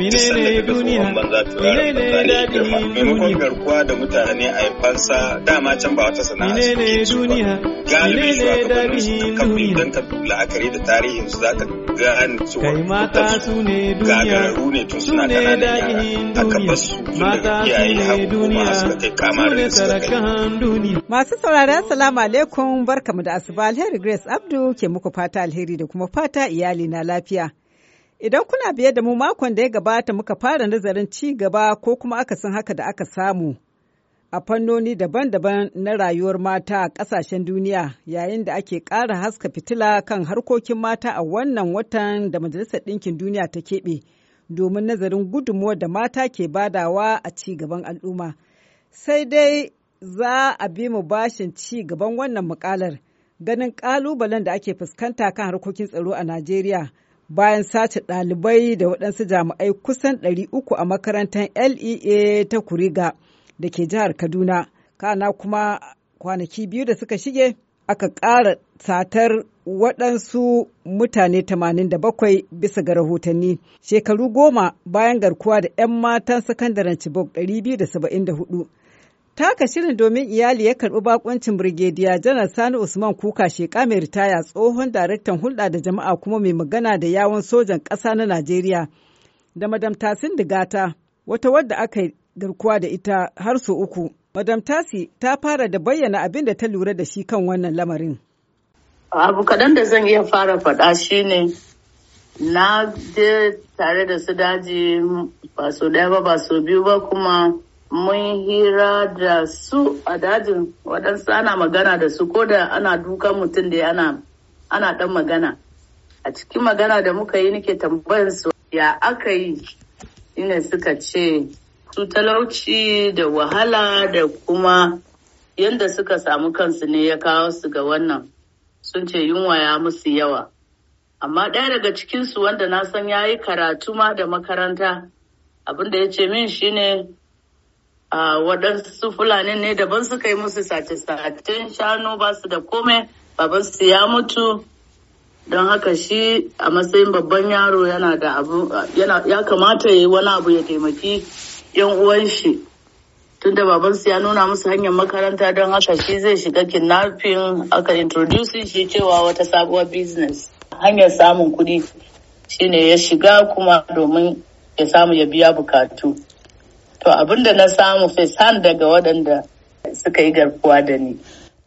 menene duniya menene daɗin duniya garkuwa da mutane a yi fansa dama can ba wata sana'a menene duniya galibi shugabannin su kan idan ka la'akari da tarihin su zaka gane cewa kai mata su ne duniya gagaru ne tun suna kananan yara aka basu mata su ne duniya su kai kama da suka kai masu saurari assalamu alaikum barkamu da asuba alheri grace abdu ke muku fata alheri da kuma fata iyali na lafiya Idan kuna biye da mu makon da ya gabata muka fara nazarin ci gaba ko kuma akasin haka da aka samu a fannoni daban-daban na rayuwar mata a ƙasashen duniya yayin da ake ƙara haska fitila kan harkokin mata a wannan watan da Majalisar Ɗinkin Duniya ta keɓe domin nazarin gudunmuwa da mata ke badawa a ci gaban al'umma. Sai dai za a bi mu bashin ci gaban wannan muƙalar ganin ƙalubalen da ake fuskanta kan harkokin tsaro a Najeriya. bayan sace ɗalibai da waɗansu jami'ai kusan 300 a makarantar LEA ta Kuriga da ke jihar Kaduna. Kana kuma kwanaki biyu da suka shige aka ƙara satar waɗansu mutane 87 bisa ga rahotanni shekaru goma bayan garkuwa da 'yan matan sakandaren Chibok 274 taka shirin domin iyali ya karbi bakuncin Birgediya janar Sani Usman Kuka sheka mai ritaya tsohon daraktan hulɗa da jama'a kuma mai magana da yawon sojan ƙasa na Najeriya da Madam Tasin Digata wata wadda aka garkuwa da ita har su uku. Madam Tasi ta fara da bayyana abin da ta lura da shi kan wannan lamarin. Abu kaɗan da zan iya fara faɗa shi ne na je tare da su daji ba so ɗaya ba ba so biyu ba kuma mun hira da su a dajin waɗansu ana magana da su ko da ana dukan mutum da ana ana ɗan magana a cikin magana da muka yi nake tambayar su ya aka yi ina suka ce su talauci da wahala da kuma yadda suka samu kansu ne ya kawo su ga wannan sun ce yunwa ya musu yawa amma ɗaya daga cikinsu wanda na san ya yi karatu ma da makaranta abinda ya ce min shine waɗansu fulani ne daban suka yi musu sace-sacen shanu ba su da komai babansu ya mutu don haka shi a matsayin babban yaro yana da abu ya kamata ya yi wani abu ya taimaki yan uwan shi tunda babansu ya nuna musu hanyar makaranta don haka shi zai shiga kidnapping aka introducing shi cewa wata sabuwar business hanyar samun kuɗi shine ya shiga kuma domin ya samu ya biya bukatu To abinda na samu fesan daga waɗanda suka yi garkuwa da ni.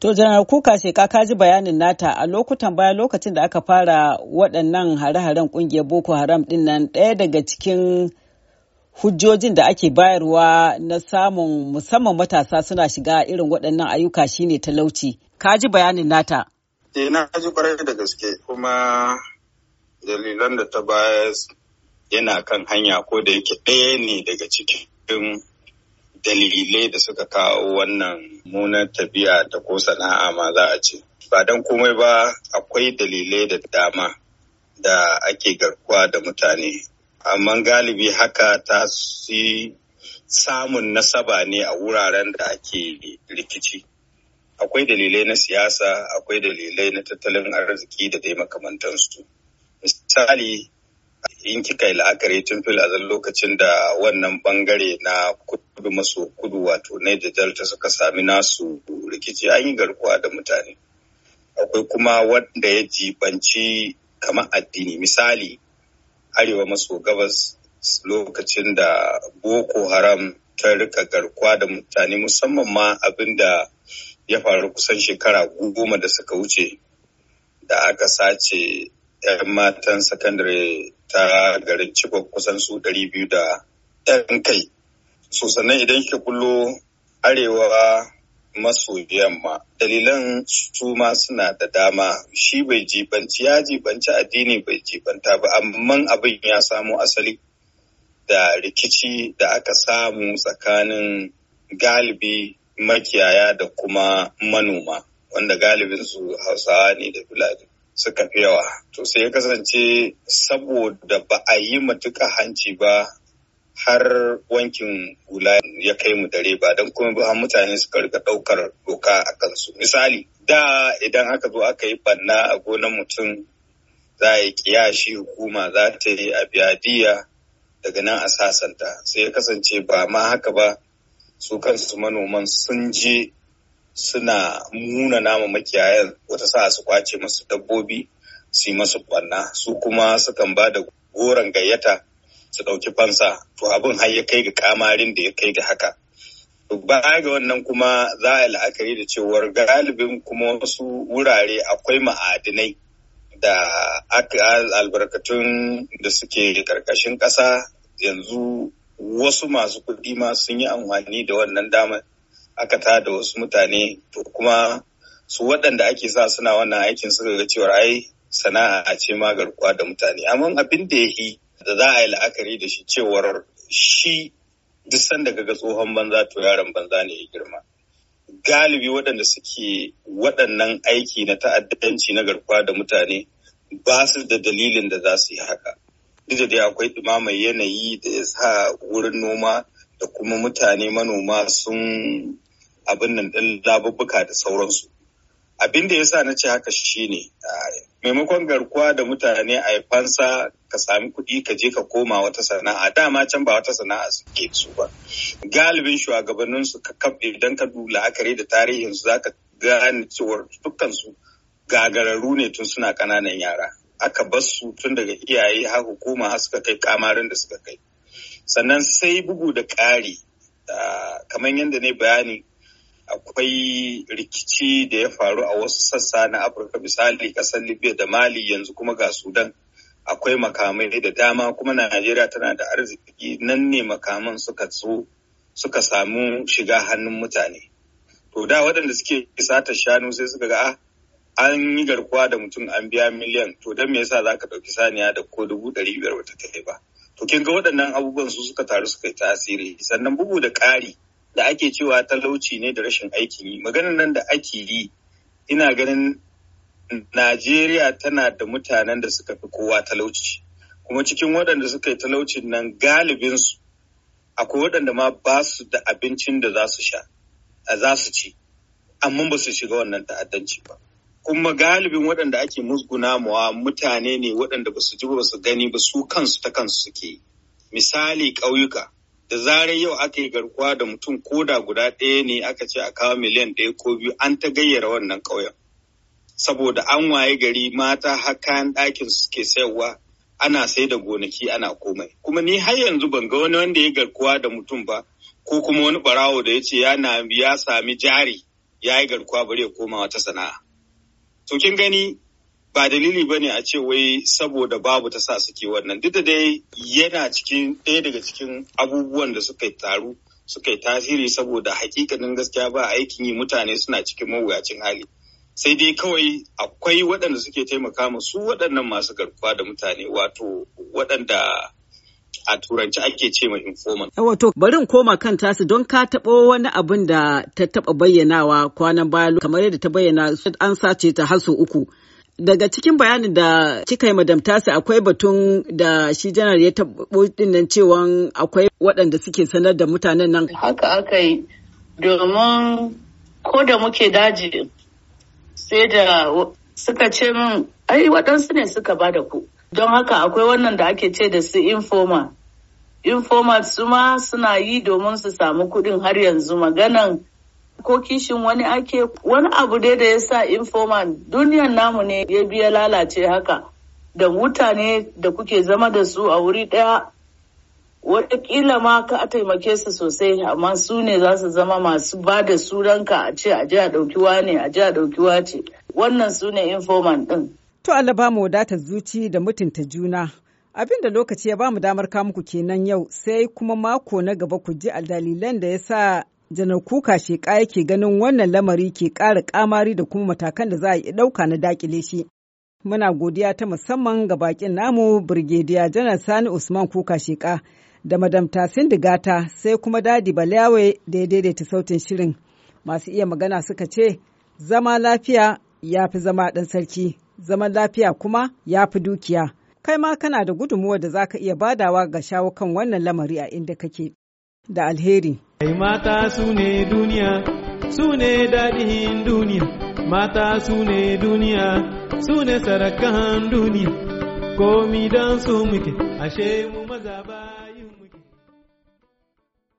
To janar kuka sheka ka ji bayanin nata a lokutan baya lokacin da aka fara waɗannan hare-haren ƙungiyar Boko Haram ɗin nan ɗaya daga cikin hujjojin da ake bayarwa na samun musamman matasa suna shiga irin waɗannan ayyuka shine talauci. Ka ji bayanin nata? Eh na ji kwarai da gaske kuma dalilan da ta baya yana kan hanya ko da yake ɗaya ne daga cikin bin dalilai da suka kawo wannan munar tafiya da ko sana'a ma za a ce. Ba don komai ba akwai dalilai da dama da ake garkuwa da mutane. Amma galibi haka ta si samun nasaba ne a wuraren da ake rikici. Akwai dalilai na siyasa, akwai dalilai na tattalin arziki da dai makamantansu. Misali, in kika yi la'akari tun fil azal lokacin da wannan bangare na kudu maso kudu wato Niger Delta suka sami nasu rikici an yi garkuwa da mutane. Akwai kuma wanda ya jibanci kamar addini misali arewa maso gabas lokacin da Boko Haram ta rika garkuwa da mutane musamman ma abin da ya faru kusan shekara goma da suka wuce da aka sace 'yan matan sakandare ta garin Chibok kusan su ɗari biyu da ɗan kai. So sannan idan kika kullo arewa maso yamma dalilan su ma suna da dama shi bai jibanci ya jibanci addini bai jibanta ba amma abin ya samo asali da rikici da aka samu tsakanin galibi makiyaya da kuma manoma wanda galibin su hausawa ne da fulani suka fi yawa to sai ya kasance saboda ba a yi matuƙa hanci ba har wankin hula ya kai mu dare ba don kuma ba mutane suka rika ɗaukar doka a kansu misali da idan aka zo aka yi banna a gonar mutum za a yi kiyashi hukuma za ta yi a biyadiyya daga nan a sasanta sai ya kasance ba ma haka ba su kansu manoman sun je suna muna nama makiyayan wata sa su kwace masu dabbobi su yi masu kwanna su kuma sukan ba da goron gayyata su ɗauki fansa to abin har ya kai ga kamarin da ya kai ga haka baya ga wannan kuma za a yi la'akari da cewar galibin kuma wasu wurare akwai ma'adinai da aka albarkatun da suke karkashin ƙasa yanzu wasu masu kuɗi ma sun yi amfani da wannan damar aka ta da wasu mutane to kuma su waɗanda ake sa suna wannan aikin suka ga cewa ai sana'a ce ma garkuwa da mutane amma abin da yi da za a yi la'akari da shi cewar shi duk sanda ga tsohon banza to yaron banza ne ya girma galibi waɗanda suke waɗannan aiki na ta'addanci na garkuwa da mutane ba su da dalilin da za su yi haka duk da dai akwai ɗumamar yanayi da ya sa wurin noma da kuma mutane manoma sun abin nan ɗin labubbuka da sauransu. Abin da ya sa na ce haka shine maimakon garkuwa da mutane a fansa ka sami kuɗi ka je ka koma wata sana'a dama can ba wata sana'a suke su ba galibin shugabannin su idan ka dula akare da tarihin su zaka gane cewar dukkan su gagararru ne tun suna ƙananan yara aka bar su tun daga iyaye har hukuma suka kai kamarin da suka kai sannan sai bugu da ƙari kamar yadda ne bayani akwai rikici da ya faru a wasu sassa na afirka misali ƙasar libya da mali yanzu kuma ga sudan akwai makamai da dama kuma najeriya tana da arziki nan ne makaman suka so suka samu shiga hannun mutane to da waɗanda suke sata shanu sai suka ga ah, an yi garkuwa da mutum an biya miliyan to don me yasa za ka ɗauki saniya da ko dubu ɗari biyar wata ta ba to kin ga waɗannan abubuwan su suka taru suka yi tasiri sannan bugu da ƙari da ake cewa talauci ne da rashin aikin yi maganar nan da ake yi ina ganin Najeriya tana da mutanen da suka fi kowa talauci kuma cikin waɗanda suka yi talaucin nan galibinsu akwai waɗanda ma ba su da abincin da za su sha za su ci amma ba su shiga wannan ta'addanci ba. kuma galibin waɗanda ake musguna mawa mutane ne waɗanda ba su ji ba su gani ba su kansu ta kansu suke misali ƙauyuka da zarar yau aka yi garkuwa da mutum ko da guda ɗaya ne aka ce a kawo miliyan ɗaya ko biyu an ta gayyara wannan ƙauyen saboda an waye gari mata har kayan ɗakin suke sayarwa ana sai da gonaki ana komai kuma ni har yanzu ban ga wani wanda ya garkuwa da mutum ba ko kuma wani barawo da ya ce ya sami jari ya yi garkuwa bari ya koma wata sana'a to kin gani ba dalili bane a ce wai saboda babu ta sa suke wannan duk da dai yana cikin ɗaya daga cikin abubuwan da suka taru suka yi tasiri saboda hakikanin gaskiya ba aikin yi mutane suna cikin mawuyacin hali sai dai kawai akwai waɗanda suke taimaka su waɗannan masu garkuwa da mutane wato waɗanda a turanci ake ce mai informant. Wato barin koma kan tasu don ka taɓo wani abin da ta taɓa bayyanawa kwanan baya kamar yadda ta bayyana an sace ta har uku. Daga cikin bayanin da kika yi madam tasi akwai batun da shi janar ya taɓo dinnan cewa akwai waɗanda suke sanar da mutanen nan. Haka aka yi domin ko da muke daji sai da suka ce min ai waɗansu ne suka ba da ku don haka akwai wannan da ake ce da su informa informat su ma suna yi domin su samu kuɗin har yanzu maganan ko kishin wani ake wani abu dai da ya sa informat duniyan namu ne ya biya lalace haka da mutane da kuke zama da su a wuri ɗaya wataƙila ma ka a taimake su sosai amma su ne za su zama masu ba da sunanka a ce a ji a ɗauki ne a ji a ɗauki ce wannan su ne informant ɗin To Allah ba mu wadatar zuci da mutunta juna. Abin da lokaci ya ba mu damar muku kenan yau sai kuma mako na gaba ku ji dalilan da ya sa janar kuka sheƙa yake ganin wannan lamari ke ƙara kamari da kuma matakan da za a yi ɗauka na dakile shi. Muna godiya ta musamman ga bakin namu Birgediya Janar Sani Usman Kuka sheka da Madam Tasin Digata sai kuma Dadi Balawe da ya daidaita sautin shirin. Masu iya magana suka ce, zama lafiya ya fi zama ɗan sarki. zaman lafiya kuma ya fi dukiya. Kai ma kana da gudunmuwa da za ka iya badawa ga shawo kan wannan lamari a inda kake da alheri. Kai mata su ne duniya, su ne daɗin duniya, mata su ne duniya, su ne sarakan duniya, komi don su muke, ashe mu maza ba.